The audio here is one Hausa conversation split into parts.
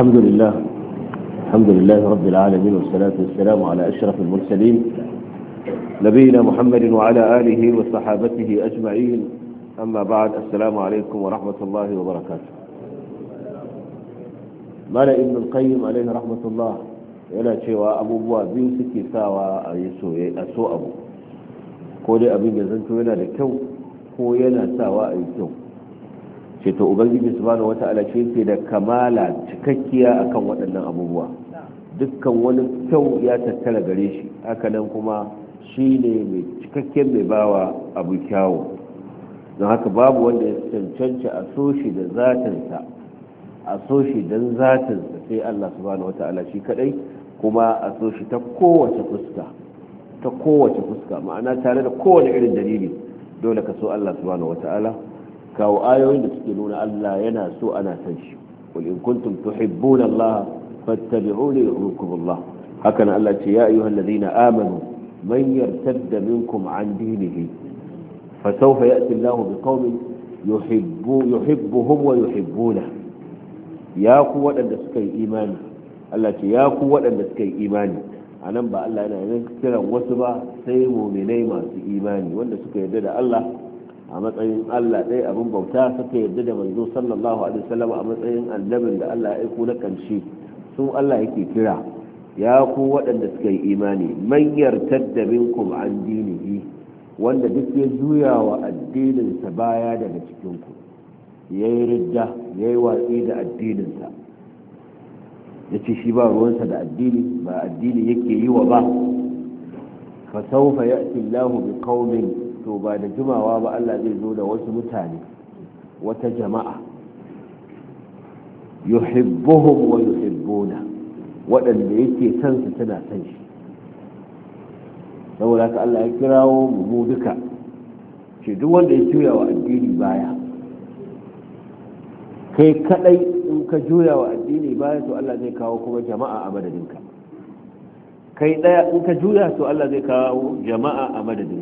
الحمد لله الحمد لله رب العالمين والصلاة والسلام على أشرف المرسلين نبينا محمد وعلى آله وصحابته أجمعين أما بعد السلام عليكم ورحمة الله وبركاته مالا ابن القيم عليه رحمة الله yana شواء أبو بوا suke sawa a yi a so abu ko dai abin ya zanto yana da ce to ubangiji subhanahu wata'ala shi ke da kamala cikakkiya akan waɗannan abubuwa dukkan wani kyau ya tattara gare shi haka nan kuma shi ne mai cikakken mai bawa abu kyawu don haka babu wanda ya cancanci a so shi da zatinsa a so shi don zatinsa sai Allah subhanahu wata'ala shi kadai kuma a so shi ta kowace fuska ta kowace fuska ma'ana tare da kowane irin dalili dole ka so Allah subhanahu wata'ala kawo ayoyin da suke nuna Allah yana so ana san shi qul in kuntum tuhibbuna Allah fattabi'uni yuhibbukum Allah haka nan Allah ce ya ayyuhal ladina amanu man yartadda minkum an dinihi fasawfa ya'ti Allah biqaumin yuhibbu yuhibbuhum wa yuhibbuna ya ku waɗanda suka yi imani Allah ce ya ku suka yi imani anan ba Allah yana yin kiran wasu ba sai mu'minai masu imani wanda suka yarda da Allah a matsayin Allah ɗaya abin bauta suka yarda da manzo sallallahu alaihi wasallam a matsayin annabin da Allah ya aiko na ƙarshe sun Allah yake kira ya ku waɗanda suka yi imani manyar yartadda minkum an dinihi wanda duk ya juya wa addininsa baya daga cikinku ya yi ridda ya yi watsi da addininsa ya ce shi ba ruwansa da addini ba addini yake yi wa ba fa saufa ya'ti Allahu bi qaumin to ba da jimawa ba Allah zai zo da wasu mutane wata jama'a yuhibbuhum wa yuhibbuna waɗanda yake san su tana san shi saboda haka Allah ya kirawo mu duka ce duk wanda ya juya wa addini baya kai kadai in ka juya wa addini baya to Allah zai kawo kuma jama'a a madadinka kai daya in ka juya to Allah zai kawo jama'a a madadinka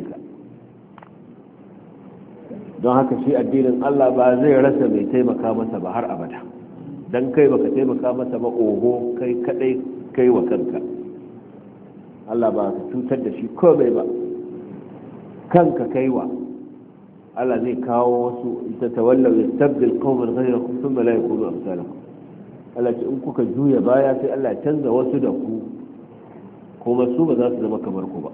don haka shi addinin Allah ba zai rasa mai taimaka masa ba har abada don kai baka taimaka masa ba oho kai kadai kai wa kanka Allah ba ka cutar da shi komai ba kanka kaiwa Allah zai kawo wasu ita tawallau ya tabbil qauman ghayrakum thumma la yakunu amsalakum Allah ce in kuka juya baya sai Allah canza wasu da ku kuma su ba za su zama kamar ku ba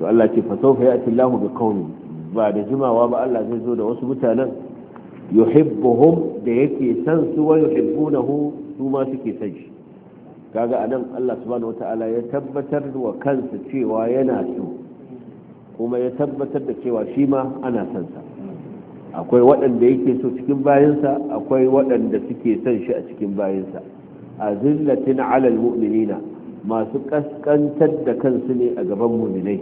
to Allah ce fa sawfa ya'ti Allahu bi qaumin ba da jimawa ba Allah zai zo da wasu mutanen yuhibbuhum da yake san su wa yuhibbunahu su ma suke san shi kaga anan Allah subhanahu wata'ala ya tabbatar wa kansa cewa yana so kuma ya tabbatar da cewa shi ma ana san sa akwai waɗanda yake so cikin sa akwai waɗanda suke san shi a cikin bayansa sa azillatin alal mu'minina masu kaskantar da kansu ne a gaban mu'minai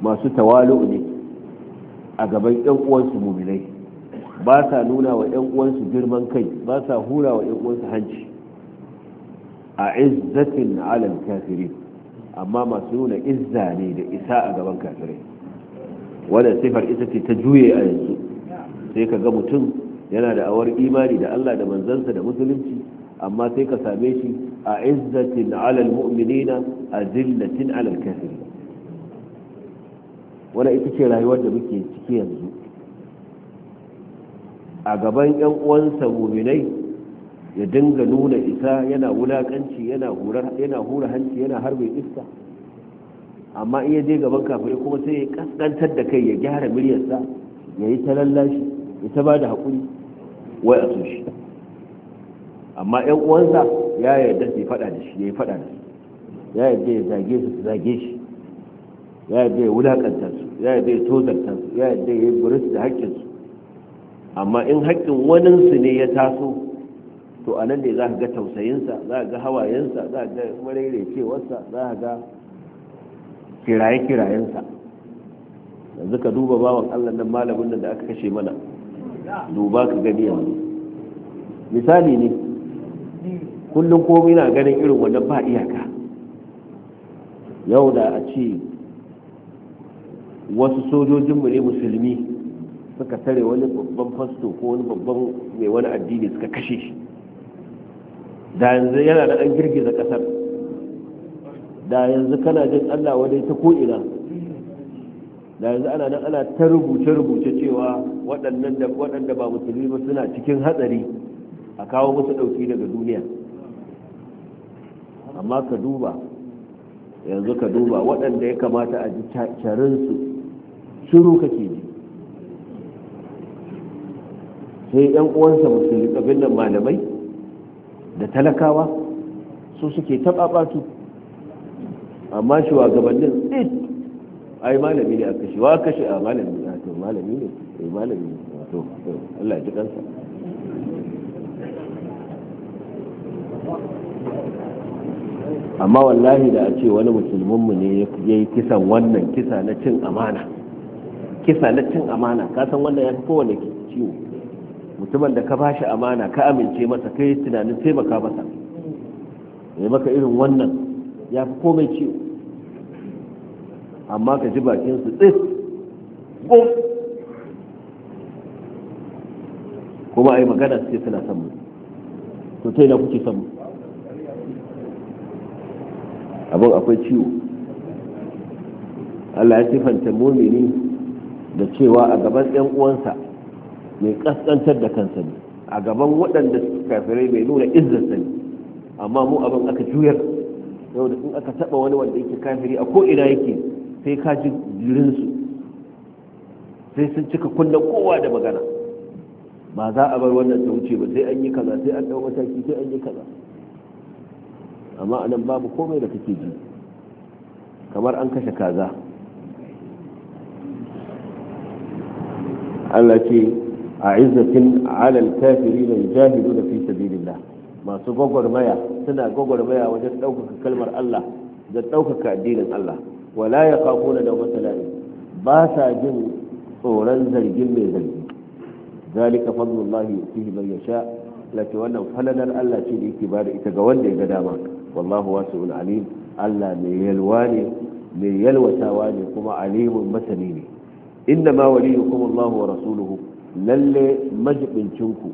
masu tawalu ne a gaban yan uwansu muminai ba sa nuna wa yan uwansu girman kai ba sa hura wa yan uwansu hanci a izzatin alal kafirin amma masu nuna izza ne da isa a gaban kafirai wadda sifar ita ce ta juye a yanzu sai ka ga mutum yana da awar imani da Allah da manzansa da musulunci amma sai ka same shi a izzatin alal mu'minina a zillatin alal kafirin wani ita ce rayuwar da muke ciki yanzu a gaban yan uwansa muminai ya dinga nuna isa yana wulakanci yana hura hanci yana harbe iska amma iya je gaban kafirai kuma sai ya kaskantar da kai ya gyara miliyarsa ya yi ta lallashi ya ta ba da haƙuri wai a shi amma yan uwansa ya yarda su yi faɗa da shi ya yi faɗa da shi ya yarda ya zage su su zage shi ya yi ya wulakanta su ya yi ya tozarta su ya yadda ya buris da haƙƙinsu amma in haƙƙin waninsu ne ya taso to a nan ne za ka ga tausayinsa za ka ga hawayensa za ka ga cewarsa, za ka ga kiraye-kirayensa yanzu ka duba bawan allah nan malamin nan da aka kashe mana duba ka gani yanzu misali ne kullum komi na ganin irin wannan ba iyaka yau da a ce wasu sojojinmu ne musulmi suka tare wani babban fasto ko wani babban mai wani addini suka kashe shi da yanzu yana da an girgiza kasar da yanzu kana jin allah wadai ta ko'ina da yanzu ana nan ana ta rubuce-rubuce cewa waɗanda ba musulmi ba suna cikin hatsari a kawo musu ɗauki daga duniya amma ka duba yanzu ka duba waɗanda ya kamata a ji carinsu shiru kake ji sai yan uwansa musulmi abin nan malamai da talakawa su suke taɓaɓatu amma shugabannin tsit ai malami ne a kashe wa kashe a malami ne to malami ne eh malami ne wato Allah ya ji kansa amma wallahi da a ce wani musulmanmu mu ne ya yi kisan wannan kisa na cin amana kisa na cin amana ka san wannan ya fi kowane ciwo mutumin da ka ba shi amana ka amince masa kai tunanin taimaka masa ya maka irin wannan ya fi komai ciwo amma ka ji bakin su tsis gom kuma a yi magana su suna samu, mu to ta yi na kuke samu. mu abin akwai ciwo Allah ya siffanta mumini da cewa a gaban 'yan uwansa mai kaskantar da kansa ne a gaban waɗanda kafirai mai nuna izzarsa ne amma mu abin aka juyar yau da in aka taɓa wani wanda yake kafiri a ko'ina yake sai ka ji jirinsu sai sun cika kunnen kowa da magana ba za a bar wannan ta wuce ba sai an yi kaza sai an ɗau mataki sai an yi kaza amma anan babu komai da kake ji kamar an kashe kaza Allah ce a izzatin alal jahilu da fi sabilillah masu gwagwarmaya suna gwagwarmaya wajen ɗaukaka kalmar Allah da ɗaukaka addinin Allah wala ya kafo da masalai ba sa jin tsoron zargin mai zargi zalika fadlullahi yutihi man yasha lati wannan falalar Allah ce da yake ba da ita ga wanda ya ga dama wallahu wasu alim Allah mai yalwa ne mai yalwatawa ne kuma alimun masani ne inna ma waliyukum Allah wa rasuluhu lalle ku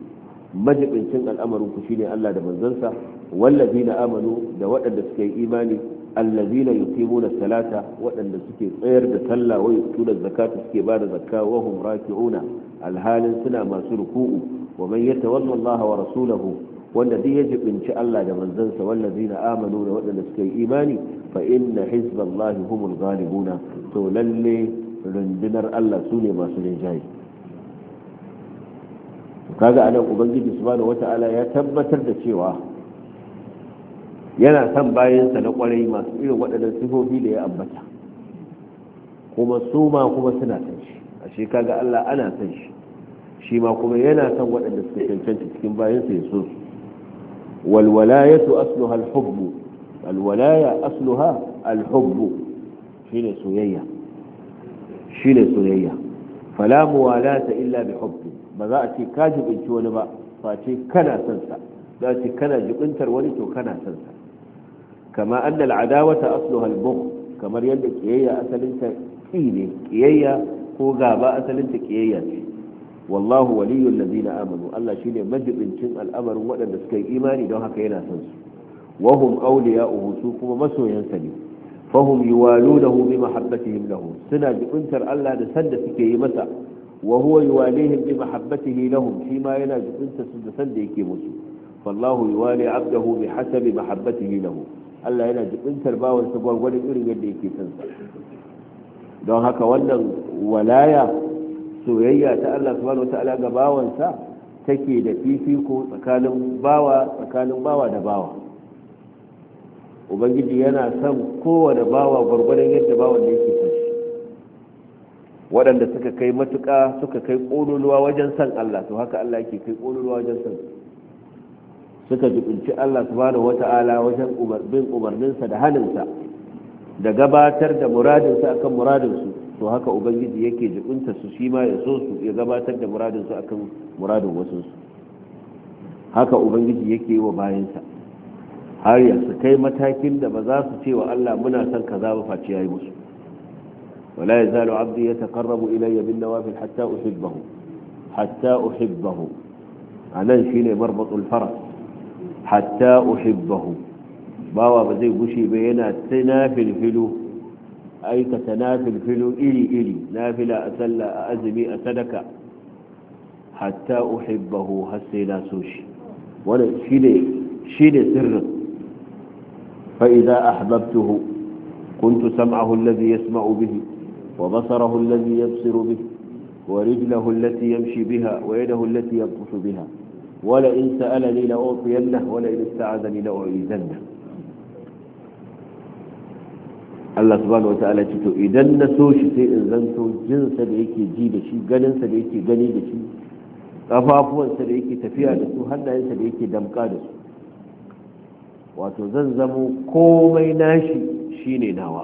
majibincin al'amarinku shine Allah da manzansa wallazina amanu da waɗanda suka yi imani allazina yuqimuna salata waɗanda suke tsayar da sallah wa yutuna zakata suke ba da zakka wa hum raki'una alhalin suna masu ruku'u wa man yatawalla Allah wa rasuluhu wanda duk ya jibinci Allah da manzansa wallazina amanu da waɗanda suka yi imani fa inna hizballahi humul ghalibuna to lalle rundunar Allah su ne masu rinjaye kaga anan ubangiji subhanahu wata'ala ya tabbatar da cewa yana son bayansa na kwarai masu irin waɗannan sifofi da ya ambata kuma su ma kuma suna san shi ashe kaga Allah ana son shi shi ma kuma yana son waɗanda suka cancanta cikin bayansa ya so su walwalayatu asluha alhubbu alwalaya asluha alhubbu shine soyayya shine soyayya fala ta illa bi hubbi ba za a ce ka jibinci wani ba face kana son sa za a ce kana jibintar wani to kana son sa kama annal adawata asluha al kamar yadda kiyayya asalinta ki ne kiyayya ko gaba asalinta kiyayya ce wallahu waliyul ladina amanu Allah shine majibincin al'amarin waɗanda suka yi imani don haka yana son su wahum awliya'uhu su kuma masoyansa ne fahum yuwalunahu bi mahabbatihim lahu suna jibintar Allah da sanda suke yi masa wa huwa yuwalihim bi mahabbatihi lahum shi ma yana jibintar su da sanda yake musu fallahu yuwali abdahu bi hasabi mahabbatihi lahu Allah yana jibintar bawan sa gwargwadon irin yadda yake son sa don haka wannan walaya soyayya ta Allah subhanahu wataala ga bawansa take da fifiko tsakanin bawa tsakanin bawa da bawa ubangiji yana son kowane bawa gwargwadon yadda bawa da yake son shi waɗanda suka kai matuƙa suka kai ƙololuwa wajen son Allah to haka Allah yake kai ƙololuwa wajen son suka jibinci Allah subhanahu wata'ala wajen bin umarninsa da haninsa da gabatar da muradinsa akan muradinsu to haka ubangiji yake jibinta su shi ma ya so su ya gabatar da muradinsu akan muradin wasu haka ubangiji yake yi wa bayansa har ya su kai matakin da ba za su ce wa Allah muna son kaza ba face yayi musu wala yazalu abdi yataqarrabu ilayya bin nawafil hatta uhibbahu hatta uhibbahu anan shine marbatul faras hatta uhibbahu bawa ba zai gushi ba yana tinafil filu aikata nafil filu iri-iri nafila a sallah a azumi a sadaka hatta uhibbahu har sai na so shi wannan shine shine sirrin فإذا أحببته كنت سمعه الذي يسمع به وبصره الذي يبصر به ورجله التي يمشي بها ويده التي يبقص بها ولئن سألني لأعطينه ولئن استعذني لأعيذنه الله سبحانه وتعالى تتو إذا نسوش في إذن تو جن سبعيك جيب شي قنن سبعيك قنيب شي أفافوا سبعيكي تفيع لسو هنا سبعيك دمكار لسو wato zan zamo komai nashi shine nawa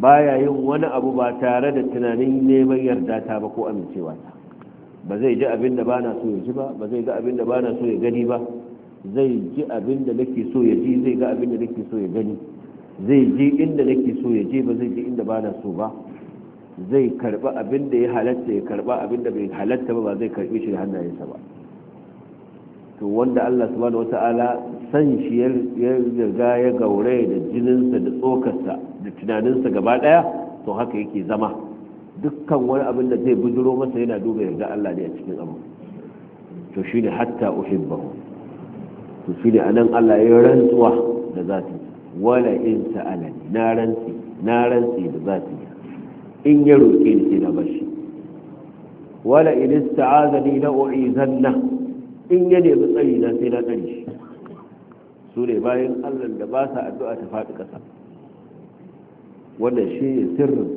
baya yin wani abu ba tare da tunanin neman yarda ta ba ko amincewa ta ba zai ji abin da bana so ya ji ba ba zai ga abin da bana so ya gani ba zai ji abin da nake so ya ji zai ga abin da nake so ya gani zai ji inda nake so ya je ba zai ji inda bana so ba zai karba abin da ya halatta ya karba abin da bai halatta ba ba zai karbi shi da hannayensa ba to wanda Allah subhanahu ta'ala san shi ya riga ya gaure da jininsa da tsokarsa da tunaninsa gaba daya to haka yake zama dukkan wani abin da zai bujiro masa yana duba yarda Allah ne a cikin abu to shi ne hatta uhibbahu to shi a anan Allah ya rantsuwa da zati wala in ta'ala na rantsi na rantsi da zati in ya roke ni sai na bashi wala in ista'azani la u'izanna in ya nemi tsari na sai na tsari shi su ne bayan allah da ba sa addu'a ta faɗi ƙasa wannan shi ne sirrin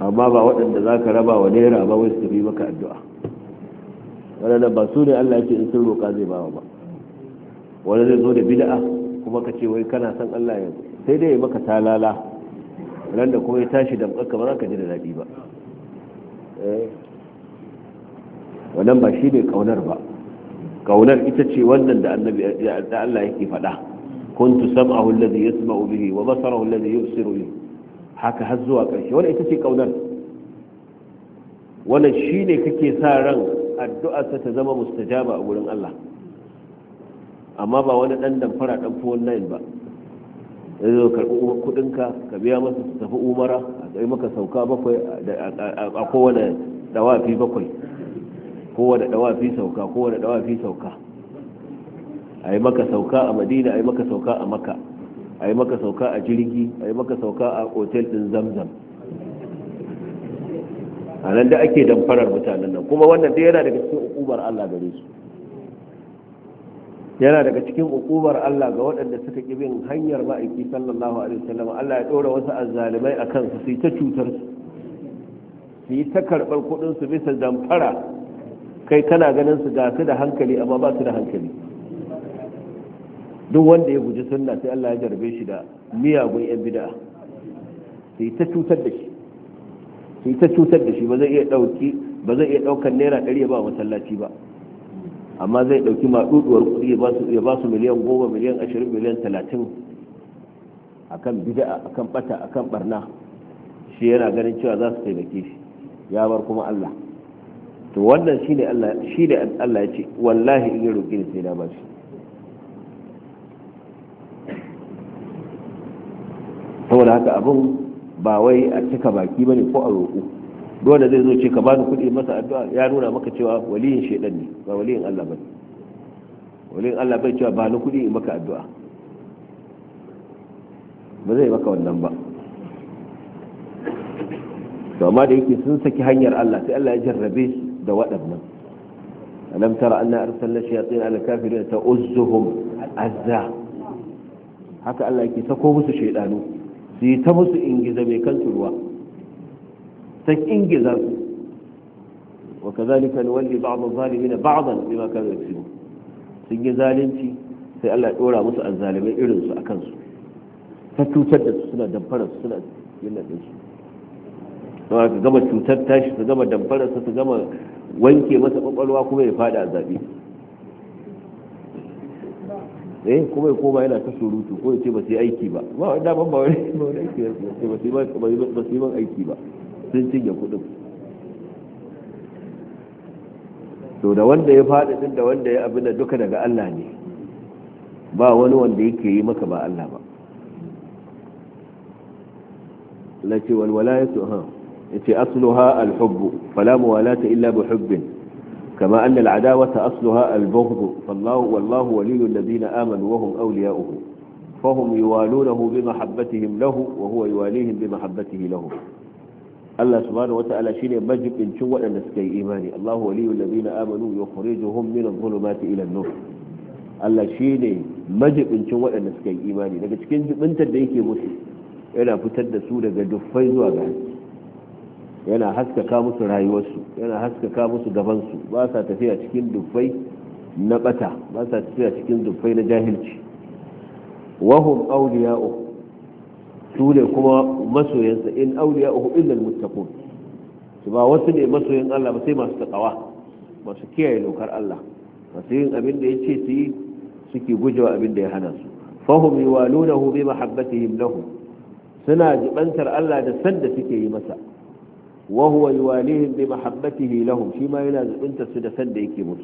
amma ba waɗanda za ka raba wa naira ba wai su bi maka addu'a waɗanda ba su ne allah yake in sun roƙa zai bawa ba wani zai zo da bida'a kuma ka ce wai kana son allah ya sai dai ya maka talala ran da kuma ya tashi damƙar ka ba za ka ji da daɗi ba eh. wannan ba shi ne kaunar ba kaunar ita ce wannan da annabi da Allah yake faɗa kuntu sam'ahu alladhi yasma'u bihi wa basarahu alladhi yubsiru bihi haka har zuwa ƙarshe wannan ita ce kaunar wannan shine kake sa ran addu'ar ta zama mustajaba a gurin Allah amma ba wani dan damfara dan fuwan nayin ba ya zo karɓi kuɗinka ka biya masa su tafi umara a kai maka sauka bakwai a kowane dawafi bakwai kowane da dawafi sauka kowane da dawafi sauka a yi maka sauka a madina a yi maka sauka a maka a yi maka sauka a jirgi a yi maka sauka a otel din zamzam a nan da ake damfarar mutanen nan kuma wannan da yana daga cikin ukubar allah gare su yana daga cikin ukubar allah ga waɗanda suka ƙi bin hanyar ma'aiki sallallahu alaihi wasallam allah ya ɗora wasu azzalimai a kansu su yi ta cutar su su yi ta karɓar kuɗinsu bisa damfara kai kana ganin su ga su da hankali amma ba su da hankali duk wanda ya guji sunna sai Allah ya jarbe shi da miyagun yan bid'a sai ta cutar da shi sai ta cutar da shi ba zai iya dauki ba zai iya daukar naira 100 ba masallaci ba amma zai dauki maɗuɗuwar kuɗi ya ba su ya ba su miliyan 10 miliyan 20 miliyan 30 akan bid'a akan bata akan barna shi yana ganin cewa za su taimake shi ya bar kuma Allah to wannan shine Allah shi ne Allah ya ce wallahi in roƙi ni sai na bashi saboda haka abin ba wai a cika baki bane ko a roƙo dole zai zo ce ka bani kuɗi masa addu'a ya nuna maka cewa waliyin shedan ne ba waliyin Allah bane waliyin Allah bai cewa ba ni kuɗi in maka addu'a ba zai maka wannan ba to amma da yake sun saki hanyar Allah sai Allah ya jarrabe su da waɗannan alam tara anna arsalna shayatin ala kafirin ta'uzzuhum azza haka Allah yake sako musu shaydanu su yi ta musu ingiza mai kan ta ingiza su wa ba'd ba'dan bima kanu yaksubun sun yi zalunci sai Allah ya dora musu azzalimai irin su akan su ta cutar da su suna damfara su suna yin da su gama cutar tashi su gama damfara su gama wanke masa kwakwalwa kuma ya fada a zaɓe eh kuma ya koma yana ta surutu ko ya ce ba su yi aiki ba ba wani daban ba wani aiki ba su yi ban aiki ba sun cinye kuɗin to da wanda ya faɗi din da wanda ya abin da duka daga Allah ne ba wani wanda yake yi maka ba Allah ba la ce walwala ya ha yace asluha al-hubb fala muwalata illa bi hubbin kama anna al-adawata asluha al-bughd fallahu wallahu waliyul ladina amanu wa hum awliya'uhu fahum yuwalunahu bi mahabbatihim lahu wa huwa yuwalihim bi mahabbatihi lahu Allah subhanahu ta'ala shine majibincin waɗanda suka yi imani Allah waliyul ladina amanu yukhrijuhum min adh-dhulumati ila an-nur Allah shine majibincin waɗanda suka yi imani daga cikin jibintar da yake musu yana fitar da su daga duffai zuwa ga haske yana haskaka musu rayuwarsu yana haskaka musu gabansu ba sa tafiya cikin dufai na bata ba sa tafiya cikin dufai na jahilci wahum awliya'u su ne kuma masoyansa in awliya'u illa almuttaqun su ba wasu ne masoyan Allah ba sai masu takawa masu kiyaye dokar Allah masu yin abin da ya ce su yi suke gujewa abin da ya hana su fahum yuwalunahu bi mahabbatihim lahu suna jibantar Allah da sanda suke yi masa wa huwa yuwalihim bi mahabbatihi lahum shi ma yana zubunta su da san da yake musu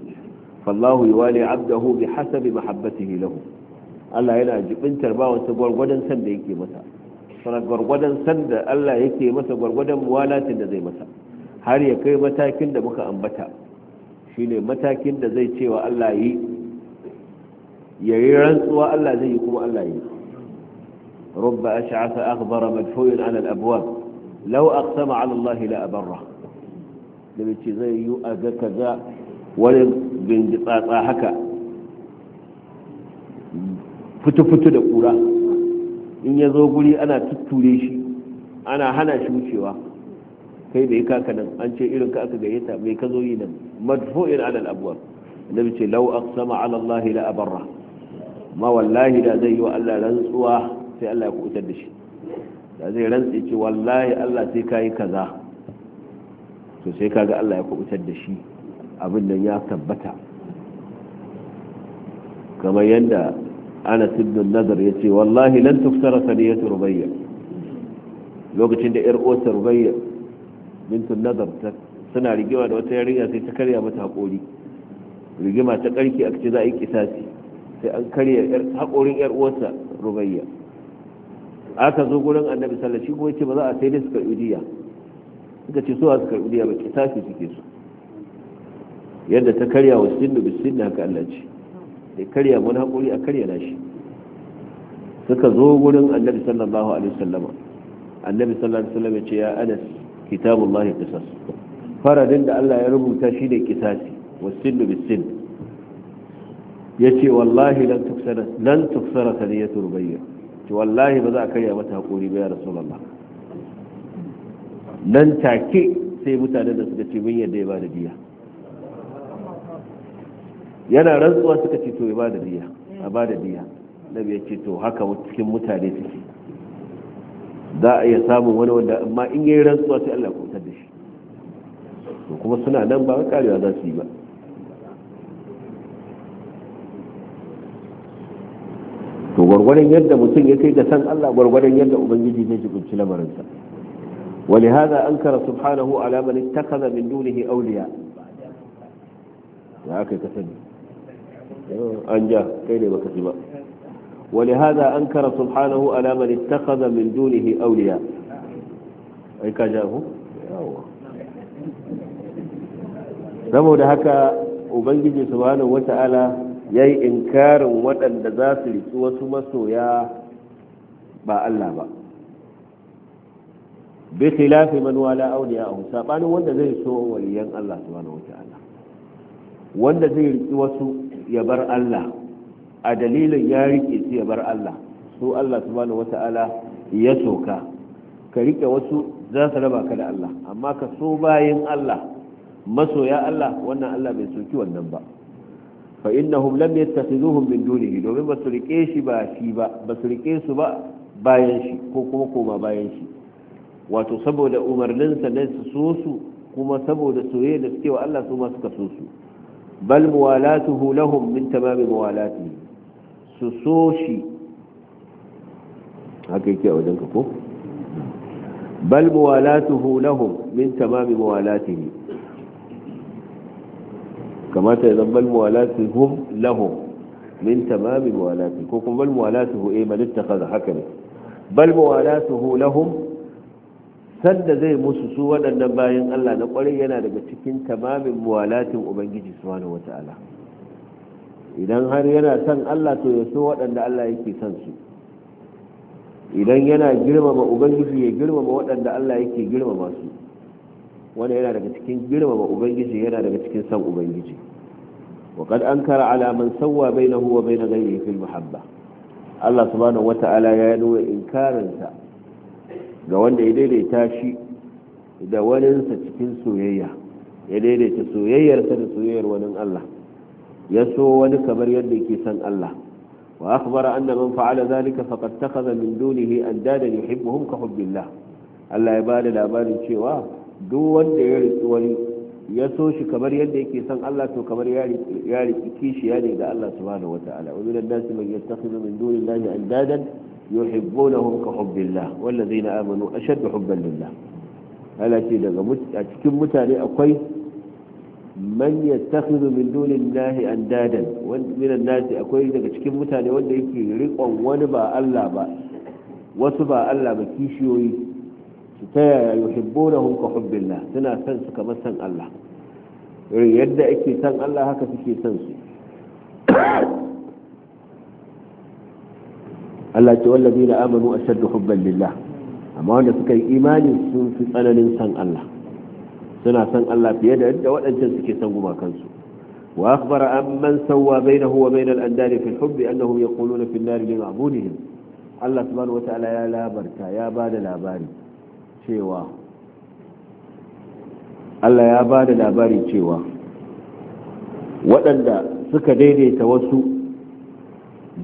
fallahu yuwali abdahu bi hasabi mahabbatihi lahu Allah yana jibintar ba wasu gwargwadon san yake masa sana gwargwadon san Allah yake masa gwargwadon muwalatin da zai masa har ya kai matakin da muka ambata shine matakin da zai cewa Allah yi yayi rantsuwa Allah zai yi kuma Allah yi رب أشعث أخبر مدفوع على الأبواب lau aqsama ala Allah la abarra da bai ce zai yi a ga kaza wani tsatsa haka fito-fito da kura in ya zo guri ana tutture shi ana hana shi wucewa kai bai kaka nan an ce irin ka aka gayyata mai ka zo yi nan madfo'in alal abuwa da ce lau aqsama ala Allah la abarra ma wallahi da zai yi wa Allah rantsuwa sai Allah ya kubutar da shi da zai rantsi ce wallahi Allah sai kayi kaza to sai kaga Allah ya kubutar da shi abin nan ya tabbata kamar yadda ana ibn nazar ya ce wallahi lan tuftara saniyatu rubayya lokacin da yar uwarsa rubayya bintun nazar suna rigima da wata yarinya sai ta karya mata haƙori rigima ta karki a ce za a yi kisasi sai an karya haƙorin yar uwarsa rubayya aka zo gurin annabi sallallahu kuma wasallam shi ba za a sai dai su karbi diya suka ce so a su karbi diya ba kitafi suke so yadda ta karya wa sinnu bi sinna haka Allah ce da karya wani haƙuri a karya nashi suka zo gurin annabi sallallahu alaihi Sallama, annabi sallallahu alaihi wasallam ya ce ya anas kitabullahi qisas faradin da Allah ya rubuta shi ne kisasi wasinnu bisin yace wallahi lan tuksara lan tuksara saniyatu rubayya ce wallahi ba za a karya mata haƙori ba ya rasulullah nan take sai mutane da suka ce mun yadda ya ba da yana rantsuwa suka ce to ya ba da a ba da nabi ya ce to haka cikin mutane suke za a iya samun wani wanda amma in yayi rantsuwa sai Allah ya da shi to kuma suna nan ba karewa za su yi ba gwargwadon yadda mutum ya kai ga san Allah gwargwadon yadda ubangiji zai jibinci lamarinsa ولهذا أنكر سبحانه على an ja kai ne baka ji ba wani haza an kara subhanahu أنكر سبحانه على من اتخذ من دونه أولياء أي كجاه saboda haka ubangiji subhanahu wata'ala ya yi inkarin waɗanda za su riƙi wasu masoya ba Allah ba bai sai man wala awliya a sabanin wanda zai so waliyan Allah su wata Allah wanda zai riki wasu ya bar Allah a dalilin ya rike su ya bar Allah so Allah su wata Allah ya soka ka riƙe wasu za su raba ka da Allah amma ka so bayan Allah masoya Allah wannan Allah bai soki wannan ba fa innahum lam yattakhiduhum min dunihi domin ba su rike shi ba shi ba ba su rike su ba bayan shi ko kuma koma bayan shi wato saboda umarninsa na su so su kuma saboda soyayya da suke wa Allah su ma suka so su bal muwalatuhu lahum min tamami muwalatihi su so shi haka yake a wajenka ko bal muwalatuhu lahum min tamami muwalatihi kamata ya zama muwalati hum lahum min tamami muwalati ko kuma bal hu eh malitta ittakhadha haka ne bal hu lahum sanda zai musu su waɗannan bayan Allah na ƙwarai yana daga cikin tamamin muwalatin Ubangiji subhanahu wata'ala idan har yana son Allah to ya so waɗanda Allah yake son su idan yana girmama Ubangiji ya girmama waɗanda Allah yake girmama su wanda yana daga cikin girmama ubangiji yana daga cikin san ubangiji wa qad ankara ala man sawwa bainahu wa bain ghayrihi fil muhabba Allah subhanahu wata'ala ya nuna inkarinsa ga wanda ya daidaita shi da waninsa cikin soyayya ya daidaita soyayyarsa da soyayyar wani Allah ya so wani kamar yadda yake san Allah wa akhbara anna man fa'ala zalika faqad takhadha min dunihi andadan yuhibbuhum ka hubbillah Allah ya bada labarin cewa duk wanda ya riki wani ya so shi kamar yadda yake son Allah to kamar ya riki kishiya ne ga Allah subhanahu wata'ala wa minan nasi man yattakhidhu min na dunillahi andadan yuhibbunahum ka hubbillah wallazina amanu ashaddu hubban lillah ala ce daga a cikin mutane akwai man yattakhidhu min na dunillahi andadan wanda minan nasi akwai daga cikin mutane wanda yake riƙon wani ba Allah ba wasu ba Allah ba kishiyoyi su ta yaya na ka hubbillah suna san su kamar san Allah irin yadda ake san Allah haka suke san su Allah ce wallazi na amanu a ashaddu hubban lillah amma wanda suka yi imani sun fi tsananin san Allah suna san Allah fiye da yadda waɗancan suke san gumakansu wa akhbara amman sawwa bainahu wa bainal andari fil hubbi annahum yaquluna fil nar li ma'budihim Allah subhanahu wata'ala ya labarta ya bada labari cewa Allah ya ba da labari cewa waɗanda suka daidaita wasu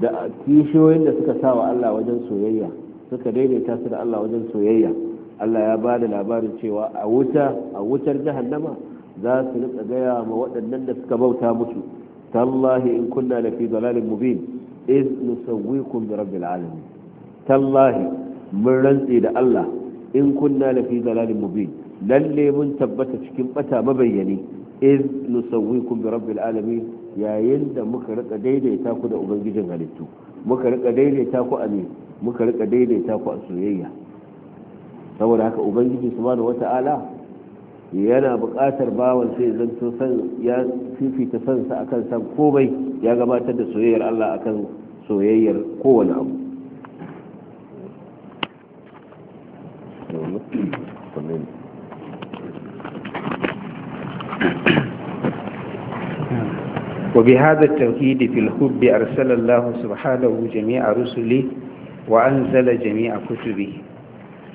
da kishiyoyin da suka sa wa Allah wajen soyayya suka daidaita su da Allah wajen soyayya Allah ya ba da labarin cewa a wuta a wutar jahannama za su rika gaya ma waɗannan da suka bauta musu tallahi in kunna la fi zalalin mubin iz nusawwikum bi rabbil alamin tallahi mun rantsi da Allah in kunna fi dalalin mubin lalle mun tabbata cikin bata mabayyane iz nusawwikum bi rabbil alamin yayin da muka rika daidaita ku da ubangijin halittu muka rika daidaita ku me muka rika daidaita ku a soyayya saboda haka ubangiji subhanahu wata'ala yana buƙatar bawan sai zanto san ya fifita sansa akan san komai ya gabatar da soyayyar Allah akan soyayyar kowane abu وبهذا التوحيد في الحب أرسل الله سبحانه جميع رسله وأنزل جميع كتبه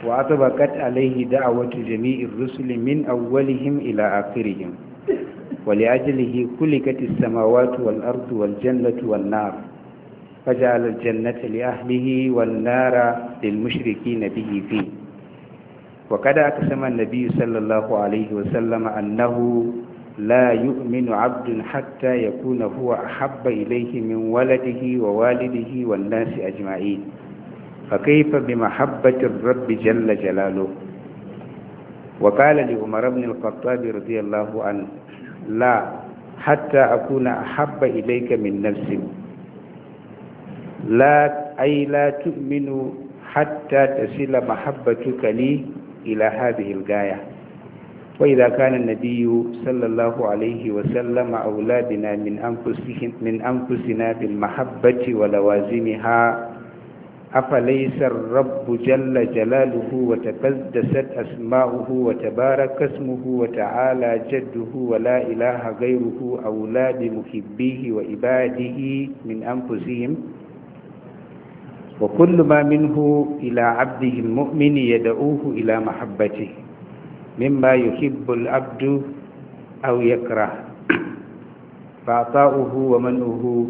وأطبقت عليه دعوة جميع الرسل من أولهم إلى آخرهم ولأجله خلقت السماوات والأرض والجنة والنار فجعل الجنة لأهله والنار للمشركين به فيه وقد أقسم النبي صلى الله عليه وسلم أنه لا يؤمن عبد حتى يكون هو أحب إليه من ولده ووالده والناس أجمعين فكيف بمحبة الرب جل جلاله وقال لعمر بن الخطاب رضي الله عنه لا حتى أكون أحب إليك من نفسي لا أي لا تؤمن حتى تصل محبتك لي إلى هذه الغاية وإذا كان النبي صلى الله عليه وسلم أولادنا من أنفسهم من أنفسنا بالمحبة ولوازمها أفليس الرب جل جلاله وتقدست أسماؤه وتبارك اسمه وتعالى جده ولا إله غيره أولاد محبيه وعباده من أنفسهم وكل ما منه إلى عبده المؤمن يدعوه إلى محبته مما يحب العبد أو يكره فعطاؤه ومنعه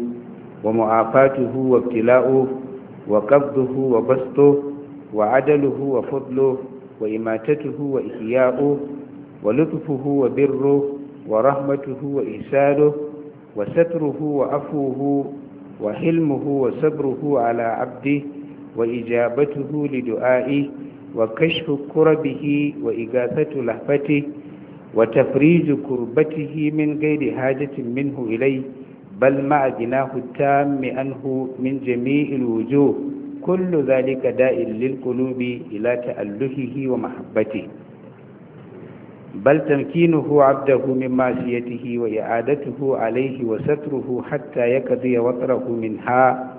ومعافاته وابتلاؤه وقبضه وبسطه وعدله وفضله وإماتته وإحياؤه ولطفه وبره ورحمته وإحسانه وستره وعفوه وحلمه وصبره على عبده وإجابته لدعائه وكشف كربه وإغاثة لهفته وتفريج كربته من غير حاجة منه إليه بل مع جناه التام عنه من جميع الوجوه كل ذلك داء للقلوب إلى تألهه ومحبته بل تمكينه عبده من معصيته وإعادته عليه وستره حتى يقضي وطره منها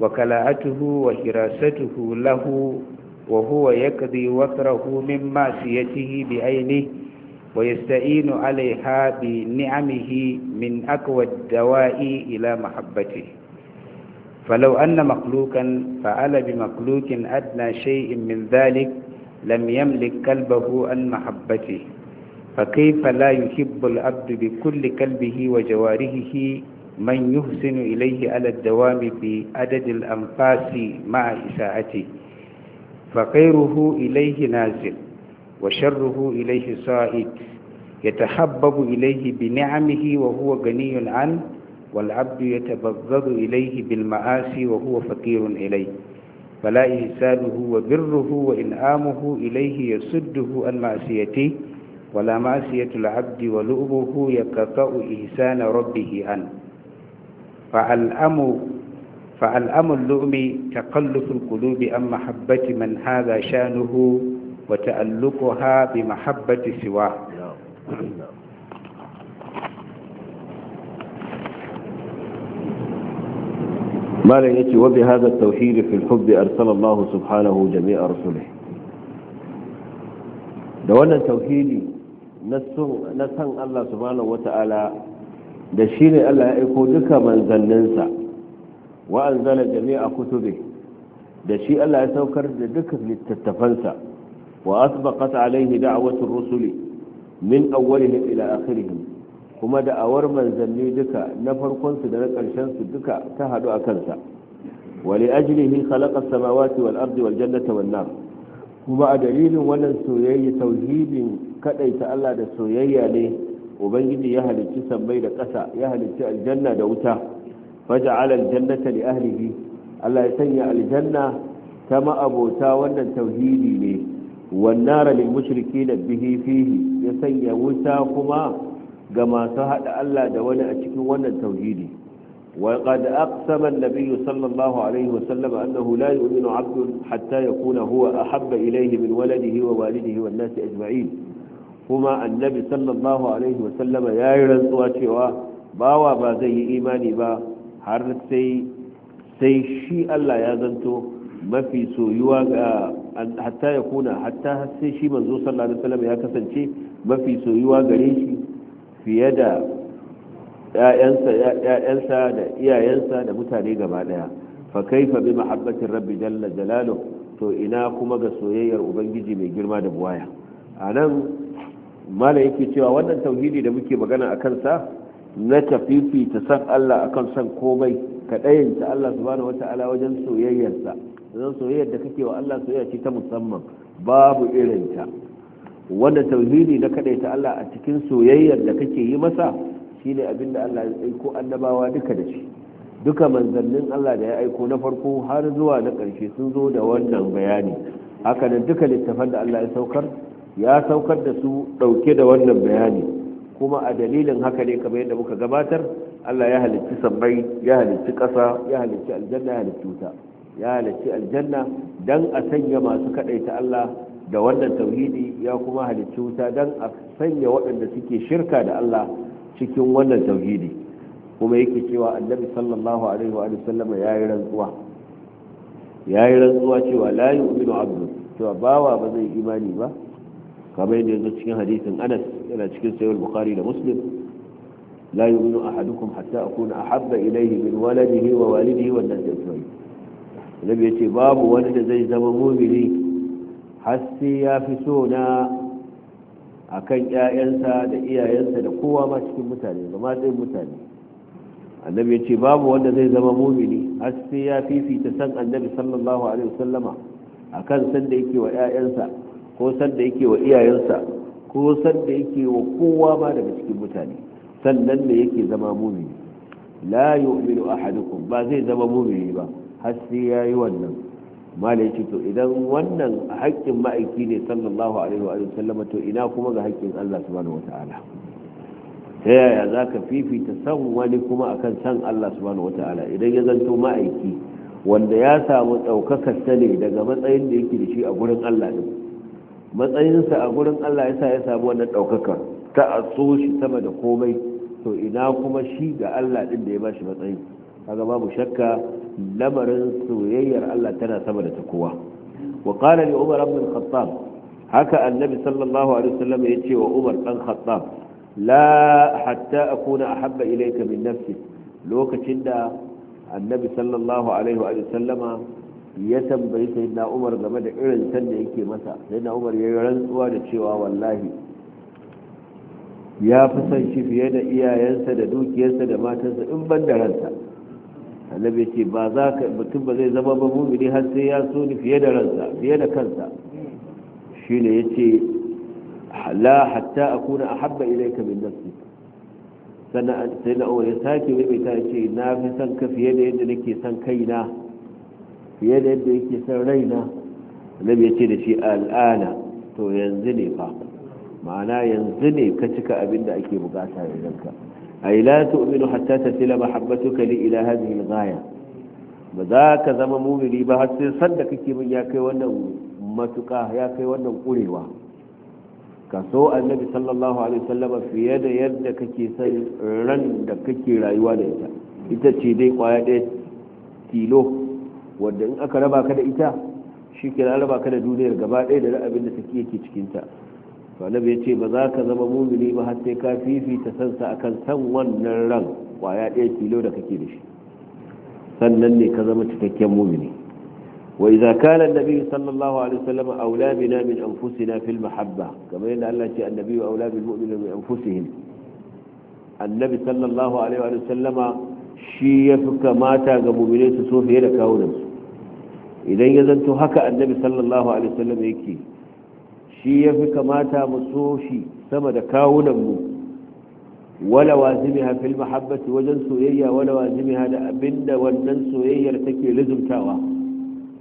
وكلاءته وحراسته له وهو يقضي وطره من معصيته بعينه ويستعين عليها بنعمه من أقوى الدواء إلى محبته فلو أن مخلوقا فعل بمخلوق أدنى شيء من ذلك لم يملك قلبه عن محبته فكيف لا يحب العبد بكل قلبه وجوارحه من يحسن إليه على الدوام بعدد الأنفاس مع إساءته فخيره إليه نازل وشره إليه صائد يتحبب إليه بنعمه وهو غني عنه والعبد يتبغض إليه بالمعاصي وهو فقير إليه فلا إحسانه وبره وإنعامه إليه يسده عن معصيته ولا معصية العبد ولؤمه يكفأ إحسان ربه أن فالأم فالأم اللؤم تقلف القلوب أم محبة من هذا شانه وتألقها بمحبة سواه ما يأتي وبهذا التوحيد في الحب أرسل الله سبحانه جميع رسله دولا توحيدي na san Allah subhanahu wata'ala da shi ne Allah ya aiko duka manzanninsa wa an zala jami'a kutube da shi Allah ya saukar da duka littattafansa wa asbaqat alaihi da'watur rusuli min awwalihim ila akhirihim kuma da'awar manzanni duka na su da na ƙarshensu duka ta haɗu a kansa wa li ajlihi khalaqa as-samawati wal ardi wal jannata wan nar kuma a dalilin wannan soyayya tauhidin ta Allah da soyayya ne ubangiji ya halicci sammai da ƙasa ya halicci aljanna da wuta faja'ala aljannata li ahlihi Allah ya sanya aljanna ta ma'abota wannan tauhidi ne wannara lil mushrikeen bihi fihi ya sanya wuta kuma ga masu hada Allah da wani a cikin wannan tauhidi وقد أقسم النبي صلى الله عليه وسلم أنه لا يؤمن عبد حتى يكون هو أحب إليه من ولده ووالده والناس أجمعين كما النبي صلى الله عليه وسلم يا يرزوا cewa bawa ba zai yi imani ba har sai sai shi Allah ya zanto mafi soyuwa ga hatta ya kuna hatta sai shi manzo sallallahu alaihi wasallam ya kasance mafi soyuwa gare shi fiye da ‘ya'yansa da iyayensa da mutane gaba ɗaya fa kaifa bi mahabbatin rabbi jalla jalalu to ina kuma ga soyayyar ubangiji mai girma da buwaya anan nan mala yake cewa wannan tauhidi da muke magana a kansa na tafifi ta san allah akan san komai ka ɗayanta allah subhanahu wata'ala wajen soyayyarsa zan soyayyar da kake wa allah soyayya ce ta musamman babu irinta wanda tauhidi na ta allah a cikin soyayyar da kake yi masa shine da Allah ya aiko annabawa duka da shi duka manzannin Allah da ya aiko na farko har zuwa na ƙarshe sun zo da wannan bayani haka nan duka littafan da Allah ya saukar ya saukar da su ɗauke da wannan bayani kuma a dalilin haka ne kamar yadda muka gabatar Allah ya halicci sabbai ya halicci ƙasa ya halicci aljanna ya halicci wuta ya halicci aljanna dan a sanya masu kaɗaita Allah da wannan tauhidi ya kuma halicci wuta dan a sanya waɗanda suke shirka da Allah cikin wannan tauhidi kuma yake cewa annabi sallallahu alaihi wa sallama ya yi rantsuwa ya yi rantsuwa cewa la yu'minu abdu cewa bawa ba zai imani ba kamar yadda yanzu cikin hadisin anas yana cikin sayyid bukhari da muslim la yu'minu ahadukum hatta akuna ahabba ilayhi min waladihi wa walidihi wa nasi ajma'in annabi yace babu wani da zai zama mu'mini har sai ya fi so na akan ƴaƴansa da iyayensa da kowa ma cikin mutane zama ɗayan mutane annabi ya ce babu wanda zai zama mumini har sai ya fifita san annabi sallallahu alaihi wasallama kan san da yake wa ƴaƴansa ko san da yake wa iyayensa ko san da yake wa kowa ma daga cikin mutane sannan da yake zama mumini la yu'minu ahadukum ba zai zama mumini ba har sai yayi wannan mala ce to idan wannan haƙƙin ma'aiki ne sallallahu alaihi wa sallam to ina kuma ga haƙƙin Allah subhanahu wataala ta yaya za ka fifita san wani kuma akan san Allah subhanahu wataala idan ya zanto ma'aiki wanda ya samu ɗaukakar ta ne daga matsayin da yake da shi a gurin Allah ɗin matsayinsa a gurin Allah ya sa ya samu wannan ɗaukakar ta asoshi sama da komai to ina kuma shi ga Allah ɗin da ya ba shi matsayin kaga babu shakka lamarin soyayyar Allah tana sama da ta kowa wa qala li umar ibn khattab haka annabi sallallahu alaihi wasallam yace wa umar dan khattab la hatta akuna ahabba ilayka min nafsi lokacin da annabi sallallahu alaihi wa sallama ya tambayi sayyidina umar game da irin san da yake masa sayyidina umar ya rantsuwa da cewa wallahi ya fi son shi fiye da iyayensa da dukiyarsa da matansa in ban da ransa annabi ce ba za ka mutum ba zai zama ba mumini har sai ya so ni fiye da ransa fiye da kansa shine yace la hatta akuna ahabba ilayka min nafsi sannan sai na ya sake mai ta ce na fi son ka fiye da yadda nake son kaina fiye da yadda yake son raina annabi yace da shi al'ana to yanzu ne fa ma'ana yanzu ne ka cika abin da ake bukata yanzu ka أي لا تؤمن حتى تسل محبتك لي إلى هذه الغاية بذاك زم مؤمني بها صدق كيما ياكي ونم متقاه ياكي ونم قريوا كسوء النبي صلى الله عليه وسلم في يد يد كي سي سرن كي رايوا لإتا إتا تشيدي قوايا تيلو دي تيلو ودن أكرا ka da ita شكرا ke raba ka da duniyar gaba ɗaya كي abin da take yake to ya ce ba za ka zama mumini ba har sai ka fifita sansa akan san wannan ran kwaya ɗaya filo da kake da shi sannan ne ka zama cikakken mumini wa iza kana annabi sallallahu alaihi wasallam aula min anfusina fil mahabba kamar yadda Allah ce annabi wa aula bil mu'minina min annabi sallallahu alaihi shi ya fi kamata ga mu'mini su so fiye da kawunansu idan ya zanto haka annabi sallallahu alaihi yake shi ya fi kamata mu so sama da kawunanmu wala wazimiha fil mahabbati wajen soyayya wala wazimiha da abinda wannan soyayyar take lizumtawa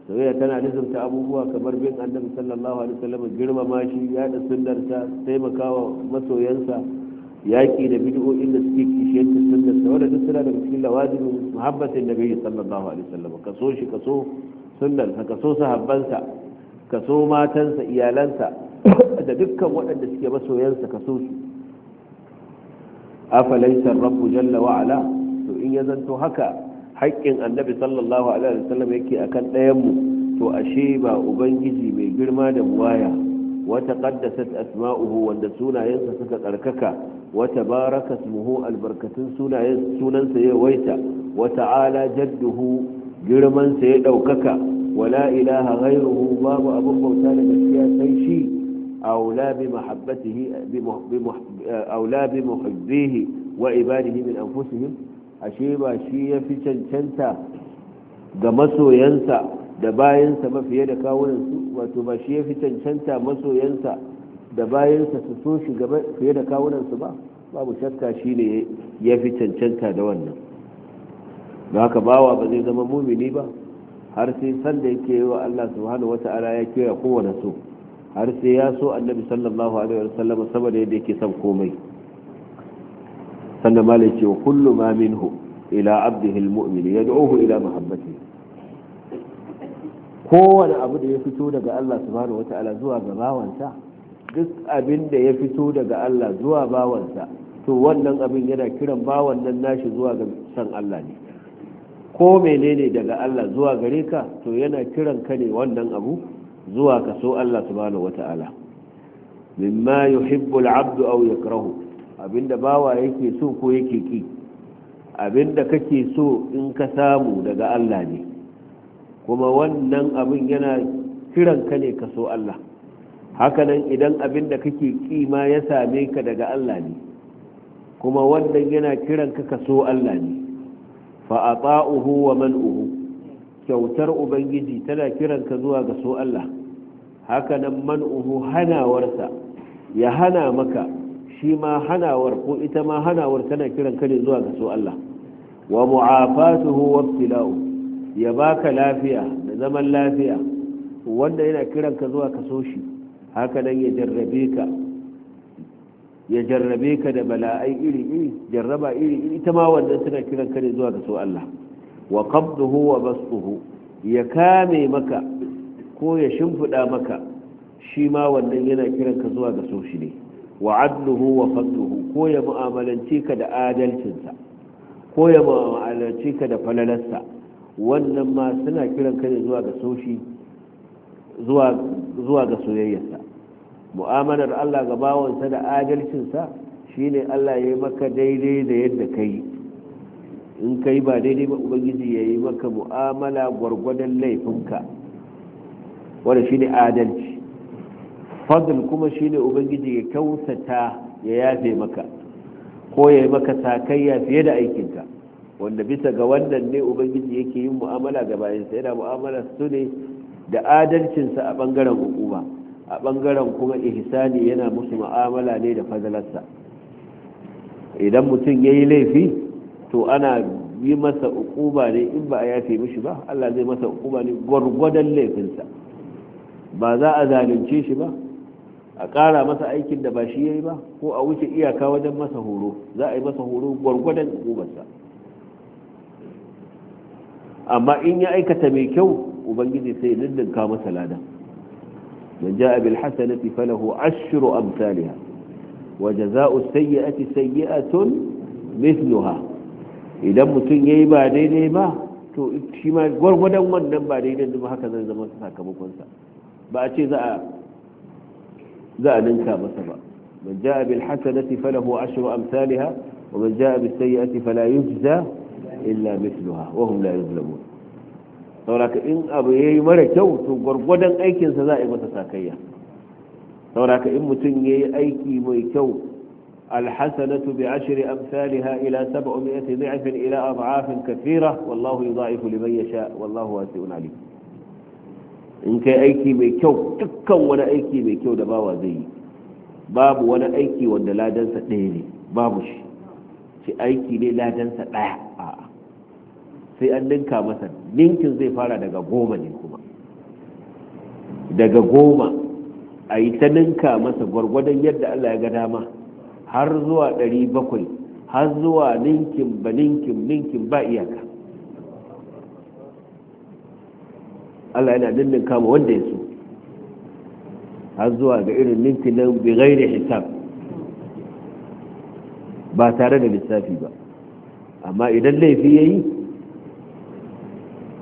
soyayya tana lizumta abubuwa kamar bin annabi sallallahu alaihi wasallam girmama shi ya da sunnarsa taimakawa masoyansa yaki da bid'o'in da suke kishiyanta sunnarsa wanda duk suna daga cikin lawazimin muhabbatin nabi sallallahu alaihi wasallam kaso shi kaso sunnar ka so sahabbansa ka so matansa iyalansa da dukkan waɗanda suke masoyansa ka so su afalaisar rabbu jalla wa to in ya zanto haka haƙƙin annabi sallallahu alaihi wasallam yake akan ɗayan mu to ashe ba ubangiji mai girma da buwaya wata qaddasat asma'uhu wanda sunayensa suka tsarkaka wata baraka smuhu albarkatun sunayen sunansa ya waita wata ala jadduhu girmansa ya ɗaukaka wala ilaha ghairuhu babu abin bauta da gaskiya sai shi أولى بمحبته أولى بمحبيه وعباده من أنفسهم أشيبا شيء في شنشنتا ga masoyansa da bayansa mafiye da kawunansu wato ba shi ya fi cancanta masoyansa da bayansa su so shi fiye da kawunansu ba babu shakka shi ne ya fi cancanta da wannan da haka bawa ba zai zama mumini ba har sai sanda yake yi wa Allah subhanahu ta'ala ya kewa kowane so har sai ya so annabi sallallahu alaihi sallam saboda yadda yake son komai sannan malai ce wa kullu ma minhu ila abdihi almu'min yad'uhu ila mahabbati kowane abu da ya fito daga Allah subhanahu wata'ala zuwa ga bawansa duk abin da ya fito daga Allah zuwa bawansa to wannan abin yana kiran bawan nan nashi zuwa ga san Allah ne ko menene daga Allah zuwa gare ka to yana kiran ka ne wannan abu zuwa ka so Allah subhanahu wata'ala mimma yuhibbu al-'abdu aw yakrahu abinda bawa yake so ko yake ki abinda kake so in ka samu daga Allah ne kuma wannan abin yana kiran ka ne ka so Allah hakanan idan abinda kake ki ma ya same ka daga Allah ne kuma wannan yana kiran ka ka Allah ne fa ata'uhu wa man'uhu kyautar ubangiji tana kiran ka zuwa ga so Allah hakanan man'uhu hanawarsa ya hana maka shi ma hanawar ko ita ma hanawar tana kiran kare zuwa ga Allah wa mu'afatuhu wabtila'u ya baka lafiya da zaman lafiya wanda yana kiran ka zuwa ka so shi haka nan ya jarrabe ka ya jarrabe ka da bala'ai iri iri jarraba iri iri ita ma wanda tana kiran kare zuwa ga so Allah wa qabduhu wa basuhu ya kame maka ko ya shimfiɗa maka shi ma wannan yana kiran ka zuwa ga so ne wa adluhu wa fadluhu ko ya mu'amalanci ka da adalcinsa ko ya mu'amalanci ka da falalarsa wannan ma suna kiran ka ne zuwa ga soshi zuwa zuwa ga soyayyarsa mu'amalar Allah ga bawansa da adalcinsa shine Allah ya maka daidai da yadda ka yi in ka yi ba daidai ba ubangiji ya yi maka mu'amala gwargwadon laifinka wanda ne adalci fadl kuma shi ne ubangiji ya kyautata ya yafe maka ko ya yi maka sakayya fiye da aikinka wanda bisa ga wannan ne ubangiji yake yin mu'amala ga bayansa yana mu'amala su ne da adalcinsa a bangaren hukuma a bangaren kuma ihsani yana musu mu'amala ne da fadalarsa idan mutum ya yi laifi to ana yi masa hukuma ne in ba a yafe mishi ba allah zai masa hukuma ne gwargwadon laifinsa ba za a zalunce shi ba a ƙara masa aikin da ba shi ya yi ba ko a wuce iyaka wajen masa horo za a yi masa horo gwargwadon hukumarsa amma in ya aikata mai kyau ubangiji sai ninninka masa lada man ja'a bil hasanati falahu ashru amsalha wa jazaa'u sayyi'ati sayyi'atun mithluha idan mutum yayi ba daidai ba to shi ma gwargwadon wannan ba daidai ba haka zai zama sakamakonsa sa ba a ce za a ninka masa ba man ja'a bil hasanati falahu ashru amsalha wa man ja'a bis sayyi'ati fala yujza illa mithluha wa hum la yuzlamun sauraka in abu yayi mara kyau to gwargwadon aikin sa za a yi masa sakayya sauraka in mutum yayi aiki mai kyau الحسنة بعشر أمثالها إلى سبعمائة ضعف إلى أضعاف كثيرة والله يضاعف لمن يشاء والله واسع عليم in kai aiki mai kyau dukkan wani aiki mai kyau da bawa zai yi babu wani aiki wanda ladansa ɗaya ne babu shi shi aiki ne ladansa ɗaya a sai an ninka masa ninkin zai fara daga goma ne kuma daga goma a yi ta ninka masa gwargwadon yadda allah ya ga dama har zuwa ɗari bakwai har zuwa ninkin ba ninkin ninkin ba iyaka Allah yana ninnin kama wanda ya so har zuwa ga irin ninkin nan bi gairi hisab ba tare da lissafi ba amma idan laifi yayi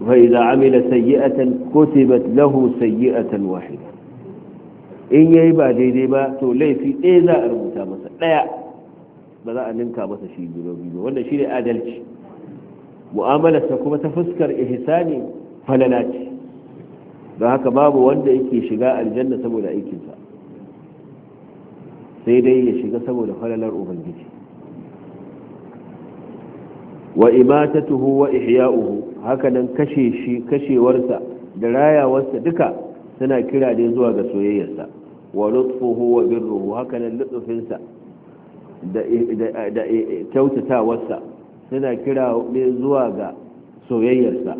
fa idza amila sayyi'atan kutibat lahu sayyi'atan wahida in yayi ba daidai ba to laifi ɗaya za a rubuta masa ɗaya ba za a ninka masa shi biyu ba Wannan shi ne adalci mu'amalarsa kuma ta fuskar ihsani falala ce don haka babu wanda yake shiga aljanna saboda aikinsa sai dai ya shiga saboda falalar ubangiji wa imatatuhu wa ihya'uhu hakanan kashe shi kashewarsa da rayawarsa duka suna kira ne zuwa ga soyayyarsa wa lutfuhu wa birruhu hakanan lutfinsa da da kyautatawarsa suna kira ne zuwa ga soyayyarsa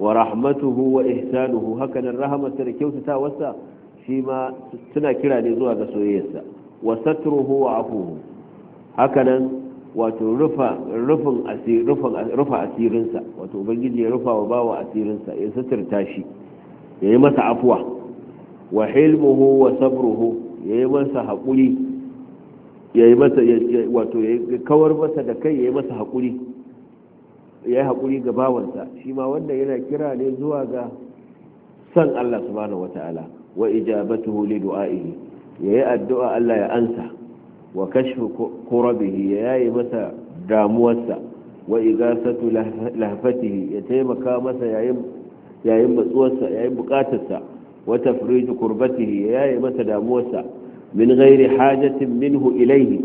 wa rahmatuhu wa ihsanuhu hakanan rahamarsa da wasa shi ma suna kira ne zuwa ga soyayyarsa wa satruhu wa afuhu hakanan wato rufa rufin asirin rufa asirin sa wato ubangiji ya rufa wa bawa sa ya suturta shi ya yi masa afuwa wa hilmuhu wa sabruhu ya yi masa haƙuri yayi masa wato ya kawar masa da kai ya yi masa haƙuri ya yi haƙuri ga bawansa shi ma wanda yana kira ne zuwa ga san Allah subhanahu wata'ala wa ijabatuhu li du'a'ihi ya yi addu'a Allah ya ansa wa kashfu kurabihi ya yayi masa damuwarsa wa igasatu lahfatihi ya taimaka masa yayin yayin matsuwarsa yayin bukatarsa wa tafriju kurbatihi ya yayi masa damuwarsa min ghairi hajatin minhu ilayhi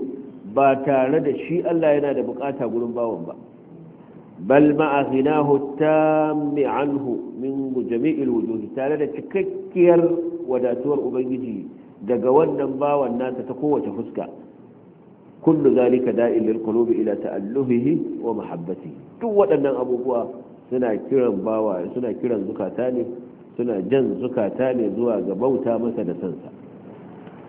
ba tare da shi Allah yana da bukata gurin bawan ba bal ma'a ghinahu anhu min jami'il wujuhi tare da cikakkiyar wadatuwar ubangiji daga wannan bawan nasa ta kowace fuska kullu zalika da'il lil qulubi ila ta'alluhihi wa mahabbatihi duk waɗannan abubuwa suna kiran bawa suna kiran zukata ne suna jan zukata ne zuwa ga bauta masa da sansa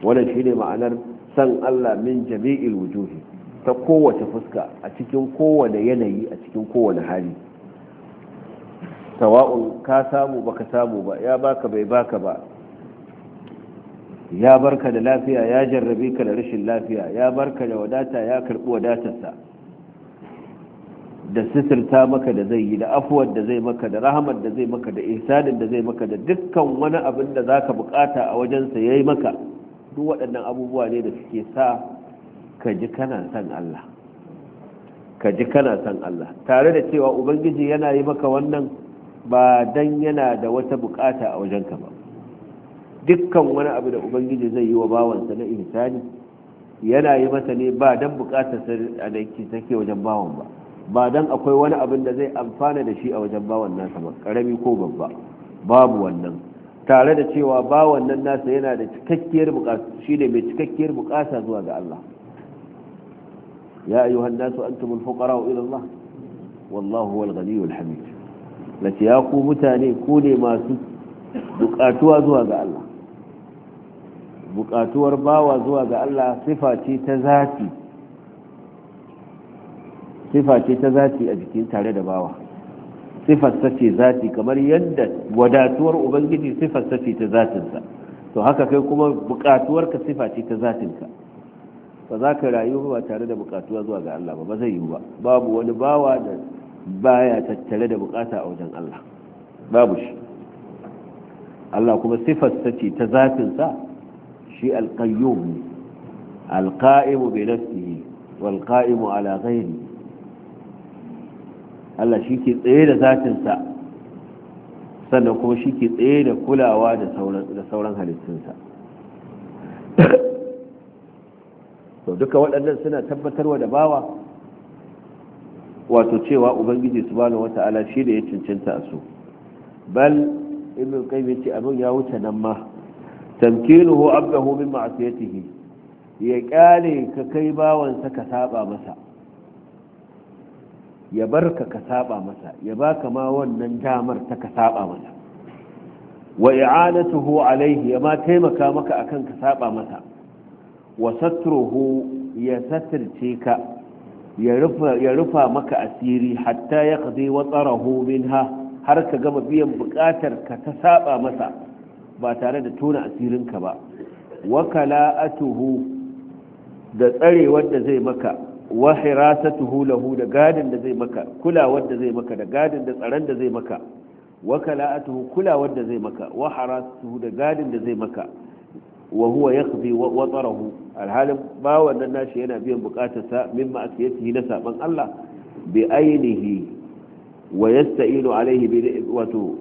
wannan shine ma'anar san Allah min jami'il wujuhi ta kowace fuska a cikin kowane yanayi a cikin kowane hali tawa'un ka samu baka samu ba ya baka bai baka ba ya barka da lafiya ya jarrabe ka da rashin lafiya ya barka da wadata ya karbi wadatarsa da sisirta maka da zai yi da afuwar da zai maka da rahamar da zai maka da ihsanin da zai maka da dukkan wani abin da zaka bukata a wajensa yi maka duk waɗannan abubuwa ne da suke sa ka ji kana san Allah ka ji kana san Allah tare da cewa ubangiji yana yi maka wannan ba dan yana da wata bukata a wajenka ba dukkan wani abu da ubangiji zai yi wa bawansa na insani yana yi masa ne ba dan bukatar sa da take wajen bawan ba ba dan akwai wani abin da zai amfana da shi a wajen bawan nasa ba karami ko babba babu wannan tare da cewa bawan nan nasa yana da cikakkiyar bukata shi ne mai cikakkiyar bukata zuwa ga Allah يا أيها الناس أنتم الفقراء إلى الله والله هو الغني الحميد التي يقو متاني كوني ما بكاتوا زوا الله بكاتوا باوا زوا الله صفاتي تذاتي صفاتي تذاتي أجتين تارد باوا sifarsa ce zati kamar yadda wadatuwar ubangiji sifarsa ce ta zatinsa to haka kai kuma bukatuwarka sifa ce ta zatinka ba za ka rayu ba tare da bukatuwa zuwa ga Allah ba ba zai yi ba babu wani bawa da baya tattare da bukata a wajen Allah babu shi Allah kuma sifarsa ce ta zafinsa shi alƙayyum alƙa'imu bai nafsihi walƙa'imu ala ghairi Allah shi ke tsaye da zafinsa sannan kuma shi ke tsaye da kulawa da sauran halittunsa to duka waɗannan suna tabbatarwa da bawa wato cewa ubangiji subhanahu wata'ala shi da ya cancanta a su bal ibn qayyim yace abin ya wuce nan ma tamkinuhu abdahu min ma'asiyatihi ya kyale ka kai bawansa ka saba masa ya bar ka ka saba masa ya baka ma wannan damar ta ka saba masa wa i'anatuhu alayhi ya ma taimaka maka akan ka saba masa wa satruhu ya satirce ka ya rufa maka asiri hatta ya kaɗe watsarahu minha har ka gama biyan buƙatar ka ta saba masa ba tare da tona asirinka ba wakala atuhu da tsare wanda zai maka wa hirasatuhu lahu da gadin da zai maka kula wanda zai maka da gadin da tsaron da zai maka wakala atuhu kula wanda zai maka wa harasatuhu da gadin da zai maka wa huwa yaqdi wa tarahu alhalin ba wannan nashi yana biyan bukatarsa mimma asiyatihi na saban Allah bi ainihi wa yasta'inu alaihi bi wato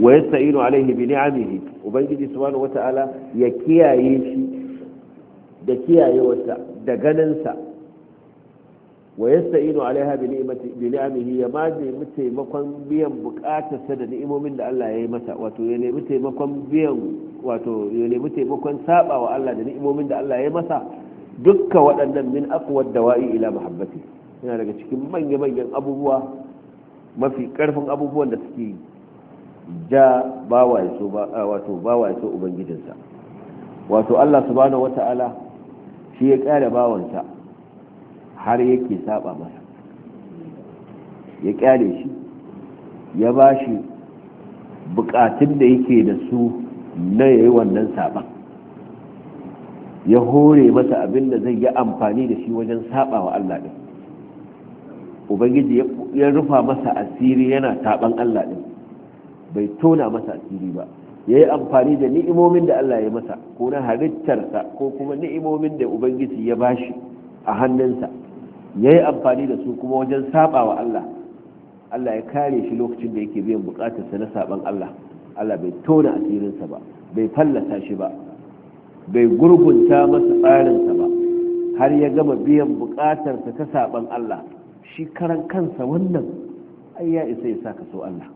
wa yasta'inu alaihi bi ni'amihi ubangiji subhanahu wata'ala ya kiyaye shi da kiyayewarsa da ganinsa wa yasta'inu alaiha bi ni'mati ya ma nemi biyan bukatarsa da ni'imomin da Allah ya yi masa wato ya nemi taimakon biyan Allah da ni'imomin da Allah ya yi masa dukkan waɗannan min dawa'i ila yana daga cikin manya manyan abubuwa mafi karfin abubuwan da suke ja ya so wato bawa ya so ubangijinsa wato Allah subhanahu shi ya kare bawansa har yake saba masa ya kyale shi ya ba shi bukatun da yake da su na yayi wannan saban ya hore masa abin da zai yi amfani da shi wajen saba wa Allah ɗin ubangiji ya rufa masa asiri yana taɓan Allah ɗin bai tona masa asiri ba ya yi amfani da ni'imomin da Allah ya masa ko na halittarsa ko kuma ni'imomin da ubangiji ya bashi a hannunsa ya yi amfani da su kuma wajen saba wa Allah Allah ya kare shi lokacin da yake biyan bukatarsa na saban Allah Allah bai tona asirinsa ba bai fallasa shi ba bai gurgunta masa tsarinsa ba har ya gama biyan bukatarsa ta saban Allah shi karan kansa wannan ai ya isa ya saka so Allah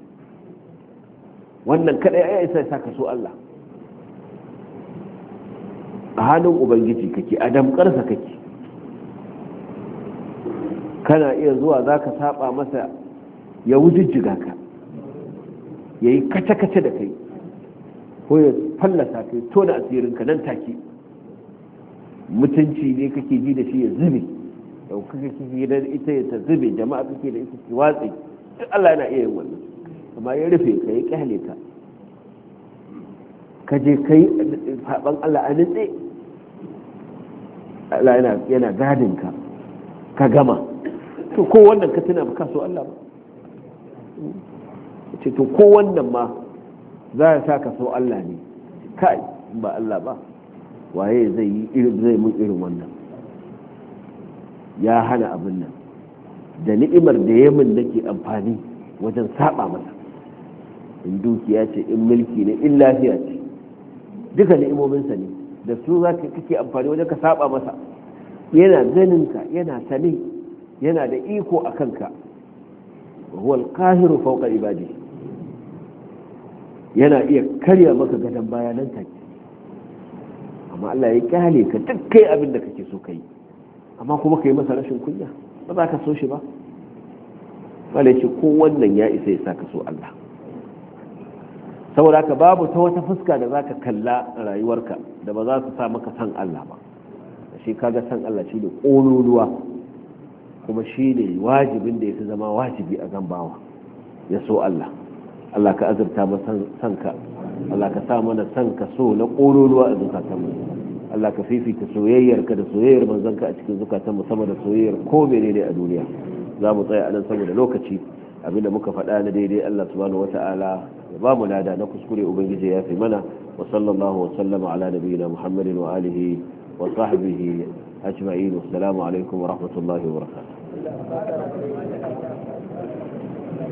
wannan kadai ai ya isa ya saka so Allah a halin ubangiji kake a damkarsa kake kana iya zuwa za ka saba masa ya wujijjiga ka ya yi kace-kace da kai ko ya fallasa kai tona asirinka nan take mutunci ne kake ji da shi ya zube ɗaukaka kake da ita ya ta zube jama'a kake da ita ki watsi duk Allah yana iya yin wannan amma ya rufe ka ya kyale ka ka je kai faɓan Allah a ne? Allah yana gadin ka ka gama to ko wannan ka tuna ba kaso Allah ba ce to ko wannan ma za ya sa ka Allah ne kai ba Allah ba waye zai yi irin zai mun irin wannan ya hana abin nan da ni'imar da ya min nake amfani wajen saba masa in dukiya ce in mulki ne in lafiya ce duka ni'imominsa ne da su za ka kake amfani wajen ka saba masa yana ganinka yana sani yana da iko a kanka huwa alqahiru fawqa ibadi yana iya karya maka gadon baya nan take amma Allah ya kyale ka duk kai abin da kake so kai amma kuma yi masa rashin kunya ba za ka so shi ba wala shi ko wannan ya isa ya saka so Allah saboda ka babu ta wata fuska da za ka kalla rayuwarka da ba za su sa maka san Allah ba shi kaga san Allah shi ne kuma shi ne wajibin da ya fi zama wajibi a gambawa ya so Allah Allah ka azurta mu sanka Allah ka sa mana sanka so na ƙololuwa a zukatanmu Allah ka fifita soyayyarka da soyayyar manzanka a cikin zukatanmu sama da soyayyar ko ne a duniya za mu tsaya anan saboda lokaci abinda muka faɗa na daidai Allah subhanahu wata'ala ya ba mu lada na kuskure ubangiji ya fi mana wa sallallahu wa sallama ala nabiyina muhammadin wa alihi wa sahbihi ajma'in assalamu alaikum wa rahmatullahi wa barakatuh الله